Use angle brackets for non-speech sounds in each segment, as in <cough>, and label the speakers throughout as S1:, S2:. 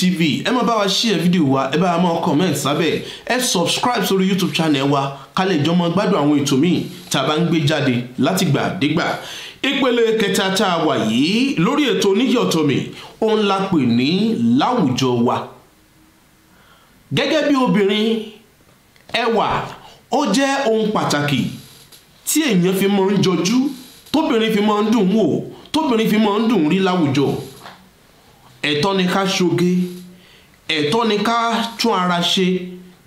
S1: tv ẹ máa bá wa ṣí ẹ fídíò wa ẹ bá wa máa comment sábẹ́ ẹ subscribe sórí youtube channel wa ká lè jọ máa gbádùn àwọn ètò míì tá a bá ń gbé jáde látìgbà dégbà ìpele kẹta tá a wà yìí lórí ètò oníyọ̀tọ̀mì òun la pè ní láwùjọ wa gẹ́gẹ́ bí obìnrin ẹwà ó jẹ́ ohun pàtàkì tí èèyàn fi máa ń jọjú tóbìnrin fi máa ń dùn wò tóbìnrin fi máa ń dùn rí láwùjọ ẹ̀tọ́ ni ká ṣoge ẹ̀tọ́ ni ká tún ara ṣe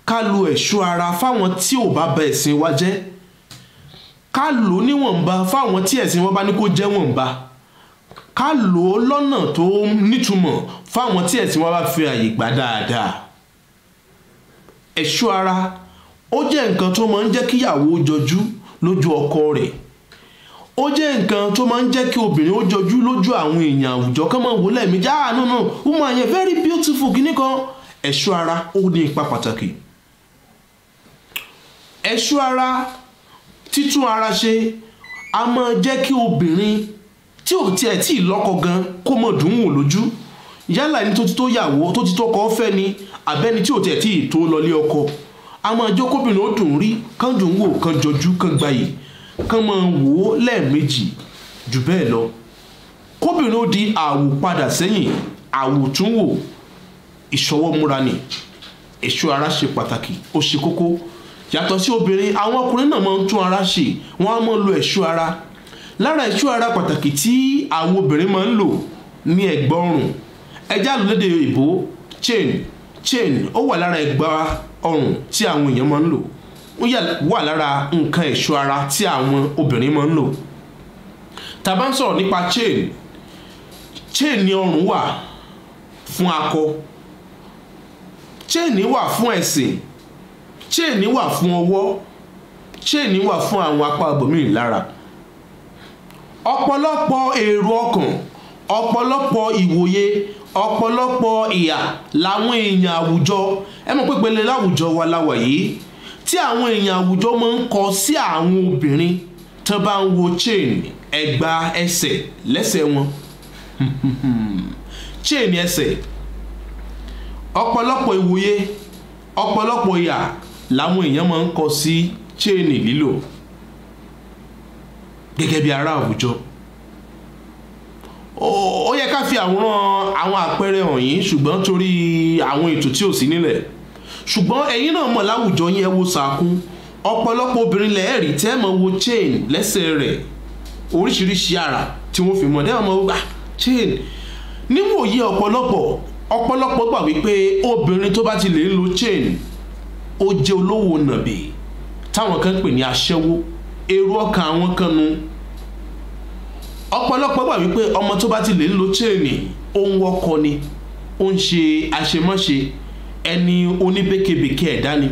S1: ká lo ẹ̀ṣọ́ ara fáwọn tí ò bá ba ẹ̀sìn wa jẹ́ ká lò ó níwọ̀nba fáwọn tí ẹ̀sìn wọn bá ní kó jẹ́ wọ̀nba ká lò ó lọ́nà tó nítumọ̀ fáwọn tí ẹ̀sìn wọn bá fi àyè gbà dáadáa ẹ̀ṣọ́ ara ó jẹ́ nǹkan tó máa ń jẹ́ kíyàwó jọjú lójú ọkọ rẹ̀ ó jẹ́ nǹkan tó máa ń jẹ́ kí obìnrin ó jọjú lójú àwọn èèyàn àwùjọ kán máa wò lẹ́ẹ̀mejì ah no no woman yẹn very beautiful kìíní kan ẹ̀ṣọ́ ara ó ní ipa pàtàkì ẹ̀ṣọ́ ara títún ara ṣe a máa jẹ́ kí obìnrin tí ò tiẹ̀ tí ì lọ́kọ gan kó mọ̀ dùn wò lójú yálà ẹni tó ti tó yàwó tó ti tọkọ fẹ́ ni àbẹ́ni tí ò tiẹ̀ tí ì tó lọlé ọkọ a máa jẹ́ kóbìnrin ó dùn rí kán dùn wò kán jọjú kán gbayì kán máa wò ó lẹ́ẹ̀mejì jù bẹ́ẹ̀ lọ kóbìnrin ó di àwò padà sẹ́yìn àwò tún wò ìṣọwọ́ múra ni èso ara ṣe pàtàkì ó ṣe kókó yàtọ̀ sí obìnrin àwọn ọkùnrin náà máa ń tún ara ṣe wọ́n á máa lo èso ara lára èso ara pàtàkì tí àwọn obìnrin máa ń lò ní ẹ̀gbọ́n ọrùn ẹja lóde ìbò chain chain ó wà lára ẹ̀gbá ọrùn tí àwọn èèyàn máa ń lò ó wà lára nǹkan ẹ̀ṣọ́ ara tí àwọn obìnrin máa ń lò tá ń sọ̀rọ̀ nípa chain chain ni ọrùn wà fún akọ chain wà fún ẹ̀sìn chain wà fún ọwọ́ chain wà fún àwọn apá ibòmíràn lára ọ̀pọ̀lọpọ̀ èrò ọkàn ọ̀pọ̀lọpọ̀ ìwòye ọ̀pọ̀lọpọ̀ ìyà làwọn èèyàn àwùjọ ẹ mọ̀ pé pele wa láwà yìí tí àwọn èèyàn àwùjọ máa ń kọ sí àwọn obìnrin tán bá ń wo chain ẹgba ẹsẹ̀ lẹ́sẹ̀ wọn <laughs> chain ẹsẹ̀ ọ̀pọ̀lọpọ̀ ìwòye ọ̀pọ̀lọpọ̀ ìyà làwọn èèyàn máa ń kọ sí chain lílò gẹ́gẹ́ bí ará àwùjọ ó yẹ ká fi àwòrán àwọn àpẹẹrẹ hàn yín ṣùgbọ́n torí àwọn ètò tí ò sí nílẹ̀ ṣùgbọ́n ẹ̀yin náà mọ̀ láwùjọ yẹn wo sàkún ọ̀pọ̀lọpọ̀ obìnrin lẹ́ẹ̀rí tẹ́ mọ̀ wo chain lẹ́sẹ̀ rẹ̀ oríṣiríṣi ara tí wọ́n fi mọ̀ dẹ́ mọ̀ gbà ah, chain níwòye ọ̀pọ̀lọpọ̀ ọ̀pọ̀lọpọ̀ gbà wípé obìnrin tó bá ti lè ń lo chain ó jẹ́ olówó nàbì táwọn kan pè ní aṣẹ́wó èrò ọkàn àwọn kan nu ọ̀pọ̀lọpọ̀ gbà wípé ọmọ tó bá ti lè ń lo chain òun ọkọ ni ó ń ṣe àṣemáṣe ẹni oníbékebèké ẹ̀dá ni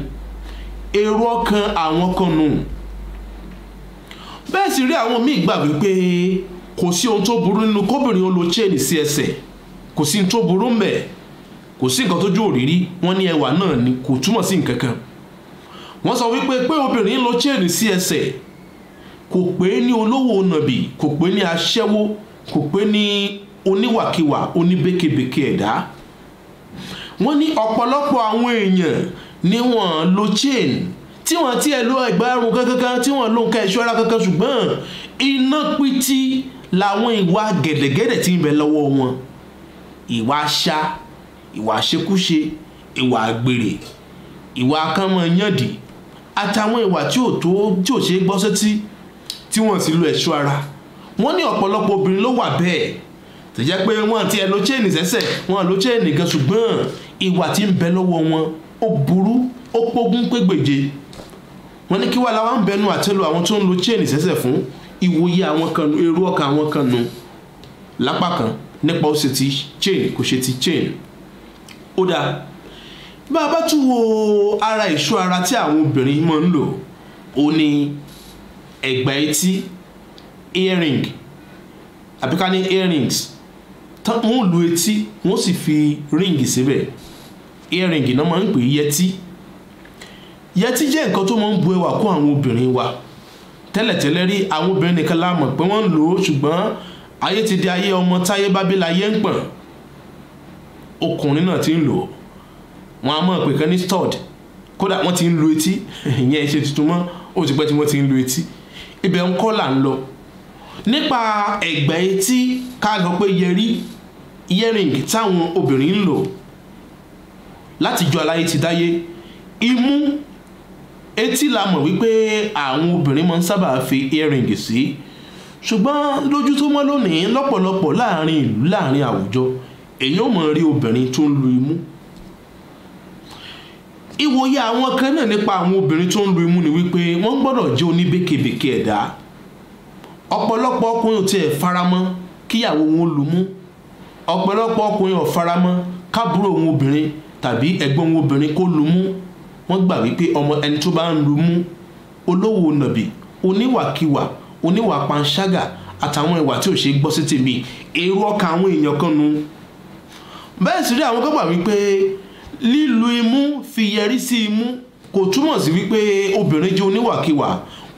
S1: èrò ọkàn àwọn kan nù bẹ́ẹ̀ sì rí àwọn míì gbà wípé kò sí ohun tó burú nínú kóbìnrin ó lo chain sí ẹsẹ̀ kò sí ohun tó burú ń bẹ̀ kò sí nǹkan tójú òrírí wọn ní ẹwà náà ni kò túmọ̀ sí nǹkan kan wọ́n sọ wípé pé obìnrin lo chain sí ẹsẹ̀ kò pé ní olówó nàbì kò pé ní aṣẹ́wó kò pé ní oníwàkiwà oníbékebèké ẹ̀dá. E wọ́n ní ọ̀pọ̀lọpọ̀ àwọn èèyàn ni wọ́n lo chain tí wọ́n tiẹ̀ lo ẹ̀gbárùn kankan tí wọ́n lo nǹkan ẹ̀ṣọ́ ara kankan ṣùgbọ́n iná pitì làwọn ìwà gẹ̀dẹ̀gẹ̀dẹ̀ ti ń bẹ lọ́wọ́ wọn ìwà aṣa ìwà ṣekúṣe ìwà àgbèrè ìwà akánmọ̀yàndì àtàwọn ìwà tí ò tó tí ò ṣe é gbọ́ sétí tí wọ́n sì lo ẹ̀ṣọ́ ara wọ́n ní ọ̀pọ̀lọpọ̀ obìnrin ló wà bẹ́ẹ̀ tó pé wọ́n ti ẹ̀ lo chain sẹ́sẹ̀ wọ́n lo chain gan ṣùgbọ́n ìwà tí ń bẹ lọ́wọ́ wọn ó burú ó pógún pégbèje wọn ní kí wàá làwọn ń bẹnu àtẹlu àwọn tó ń lo chain sẹ́sẹ̀ fún ìwòye àwọn kan nu ọkàn àwọn kan lápá kan nípa ó ṣe ti chain kò ṣe ti chain ó dáa bá a bá tún wo ara ìṣó ara tí àwọn obìnrin máa ń lò ó ní ẹ̀gbà etí earring àbíká ní earrings wọ́n lu etí wọ́n sì fi ring síbẹ̀ earring náà máa ń pè é yẹtí yẹtí jẹ́ nǹkan tó máa ń bu ẹwà kó àwọn obìnrin wa tẹ́lẹ̀tẹ́lẹ̀ rí àwọn obìnrin nìkan láàmọ̀ pé wọ́n ń lò ó ṣùgbọ́n ayé ti di ayé ọmọ táyé bábílà ayé ń pọ̀n ọkùnrin náà ti ń lò ó wọn a mọ̀ pé kan ní stud kódà wọ́n ti ń lo etí <laughs> ìyẹn ṣe tuntun mọ́ ó ti pẹ́ tí wọ́n ti ń lo etí ibẹ̀ ń kọ́ là ń lọ nípa ẹ̀gbẹ́ etí ká lọ pé yẹrí earring táwọn obìnrin ń lò látijọ́ aláyé ti dáyé imú etí la mọ̀ wípé àwọn obìnrin máa ń sábà fi earring sí ṣùgbọ́n lójú tó mọ́ lónìí lọ́pọ̀lọpọ̀ láàrin ìlú láàrin àwùjọ èyí ò mọ̀ rí obìnrin tó ń lu imú ìwòye àwọn kan náà nípa àwọn obìnrin tó ń lu imú ni wípé wọ́n gbọ́dọ̀ jẹ́ oníbèkebèke ẹ̀dá ọ̀pọ̀lọpọ̀ ọkùnrin ò tiẹ̀ faramọ́ kíyàwó wọn lu mú ọ̀pọ̀lọpọ̀ ọkùnrin ò faramọ́ kábúrò òun obìnrin tàbí ẹgbọ́n obìnrin kó lu mú wọ́n gbà wípé ọmọ ẹni tó bá ń lu mú olówó nàbì oníwàkiwà oníwà panṣágà àtàwọn ìwà tí ò ṣe gbọ́ sí tèmi èrò ọkàn àwọn èèyàn kan nu bẹ́ẹ̀ sì rí àwọn kan gbà wípé lílu imú fi yẹrí sí imú kò túmọ̀ sí wípé obìnrin jẹ́ oníwàkiwà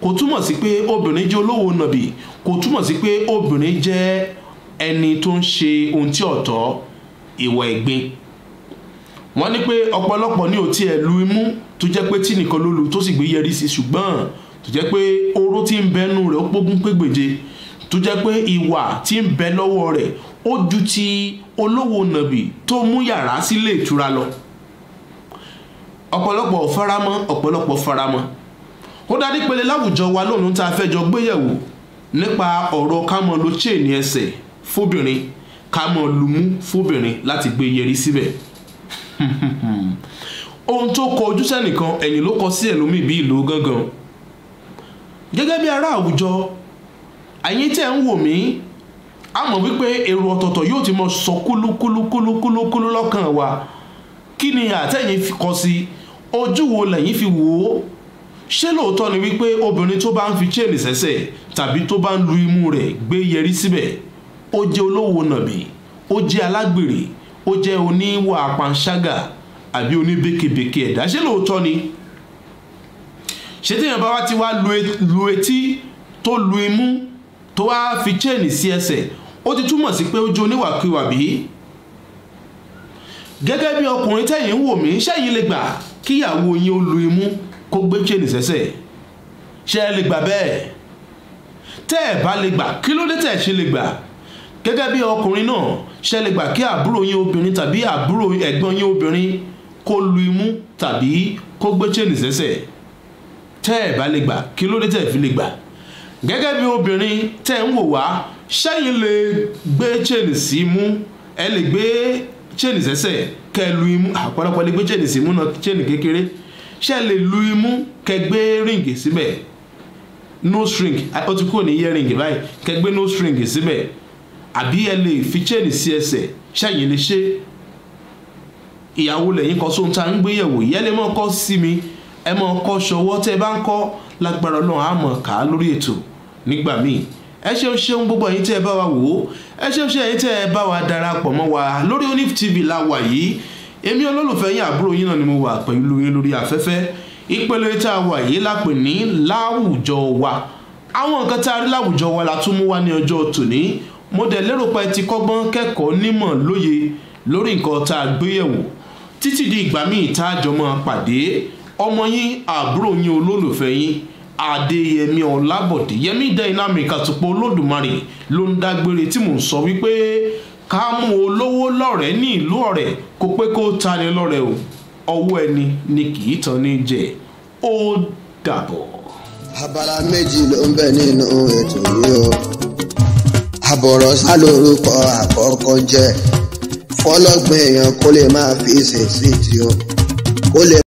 S1: kò túmọ̀ sí pé obìnrin jẹ́ olówó nàbì kò túmọ̀ sí pé obìnrin jẹ́ ẹni tó ń ṣe ohun tí ọ̀tọ̀ ìwà ẹ̀gbin. E wọ́n ní pé ọ̀pọ̀lọpọ̀ ní òtí ẹ̀ lu imú tó jẹ́ pé tí nìkan ló lu tó sì gbé yẹrí sí ṣùgbọ́n tó jẹ́ pé oró tí ń bẹnu rẹ̀ ó pógún pégbèje tó jẹ́ pé ìwà tí ń bẹ lọ́wọ́ rẹ̀ ó ju ti olówó nàbì tó mú yàrá sílé ìtura lọ ọ̀pọ̀lọpọ̀ faramọ́ ọ̀pọ̀lọpọ̀ faramọ́ ó dá nípele láwùjọ wa lónìí tá a fẹ́ jọ gbéyẹ̀wò nípa ọ̀rọ̀ kámọ́ lo chain ẹsẹ̀ fóbìnrin kámọ́ lumú fóbìnrin láti gbé yẹrí síbẹ̀. Si <laughs> ohun tó kọ ojú sẹ́nìkan ẹ̀yìn ló kọ sí ẹlòmíì bí ìlú gángan gẹ́gẹ́ bí ará àwùjọ àyín tẹ̀ ń wò mí a mọ̀ wípé èrò ọ̀tọ̀ọ̀tọ̀ yóò ti mọ sọ kúlúkúlúkúlúkúlú lọ́kàn wa kí ni àtẹ̀yìn kọ sí ojú wo lẹ́yìn fi wò ó ṣé lóòótọ́ ni wípé obìnrin tó bá ń fi chain sẹ́sẹ̀ tàbí tó bá ń lu imú rẹ̀ gbé yẹrí síbẹ̀ ó jẹ́ olówó nàbì ó jẹ́ alágbèrè ó jẹ́ oníwà panṣágà àbí oníbekebeke ẹ̀dá ṣé lóòótọ́ ni ṣé téèyàn bá wá ti wá e, lu etí tó lu imú tó wá fi chain sí ẹsẹ̀ ó ti túmọ̀ sí pé ó jẹ́ oníwàkiwà bí gẹ́gẹ́ bí ọkùnrin tẹ́yìn ń wò mí ṣẹ́yìn lè gbà kíyàwó yín ó lu imú kó gbé chain sẹ́sẹ̀ ṣe lè gbà bẹ́ẹ̀ tẹ́ ẹ̀ bá lè gbà kí ló dé tẹ́ ṣe lè gbà gẹ́gẹ́ bí ọkùnrin náà ṣe lè gbà kí àbúrò yín obìnrin tàbí àbúrò ẹ̀gbọ́n yín obìnrin kó lu imú tàbí kó gbé chain sẹ́sẹ̀ tẹ́ ẹ̀ bá lè gbà kí ló dé tẹ́ ẹ̀ fi lè gbà gẹ́gẹ́ bí obìnrin tẹ́ ń wò wá sẹ́yìn lè gbé chain sí imú ẹ lè gbé chain sẹ́sẹ̀ kẹ́ ẹ lu imú àpọ̀lọpọ̀ lè gbé chain sí imú náà chain kékeré ṣe lè lu imú kẹ́ gbé ring síbẹ̀ nose ring ó ti kúrò ní earring báyìí kẹ́ gbé nose ring síbẹ̀ àbí ẹ lè fi chain sí ẹsẹ̀ ṣẹ́yìn lè ṣe ìyàwó lẹ́yìn kan sóhun tá à ń gbéyẹ̀wò yẹ́ lè mọ́ kọ́ sí mi ẹ mọ́ kọ́ ṣọwọ́ tẹ́ ẹ bá ń kọ́ lágbára náà á mọ̀ ká lórí ètò nígbà míì ẹ ṣeun ṣeun gbogbo ẹyin tẹ ẹ bá wa wò ó ẹ ṣeun ṣe ẹyin tẹ ẹ bá wa darapọ̀ mọ́ wa lórí onif tv la wà yìí èmi olólùfẹ́ yín àbúrò yín náà ni mo wà pẹ̀lú yín lórí afẹ́fẹ́ ìpele tá a wà yìí lápè ní láwùjọ wa àwọn nǹkan tá a rí láwùjọ wa la tún mú wá ní ọjọ́ tòní mo dẹ̀ lérò pé ti kọ́gbọ́n kẹ́kọ̀ọ́ nímọ̀ lóye lórí nǹkan tá a gbé yẹ̀wò títí di ìgbà míì tá a jọ máa pàdé ọmọ yín àbúrò yín olólùfẹ́ yín adéyẹmí ọlábọ̀dé yẹmí dẹ́yìnàmì kàtúpọ̀ olódùmarè ló ń dágbére tí mò ń sọ wípé ká mú olówó lọ́rẹ̀ẹ́ ní ìlú ọ̀rẹ́ kó pé kó tani lọ́rẹ̀ẹ́ o ọwọ́ ẹni ni kì í tan ní jẹ ó dàbọ̀. abala méjì ló ń bẹ nínú ètò yìí o àbọ̀rọ̀sá lórúkọ àkọ́kọ́ jẹ́ fọlọ́gbìn èèyàn kó lè máa fi ṣèṣì tí ó kó lè.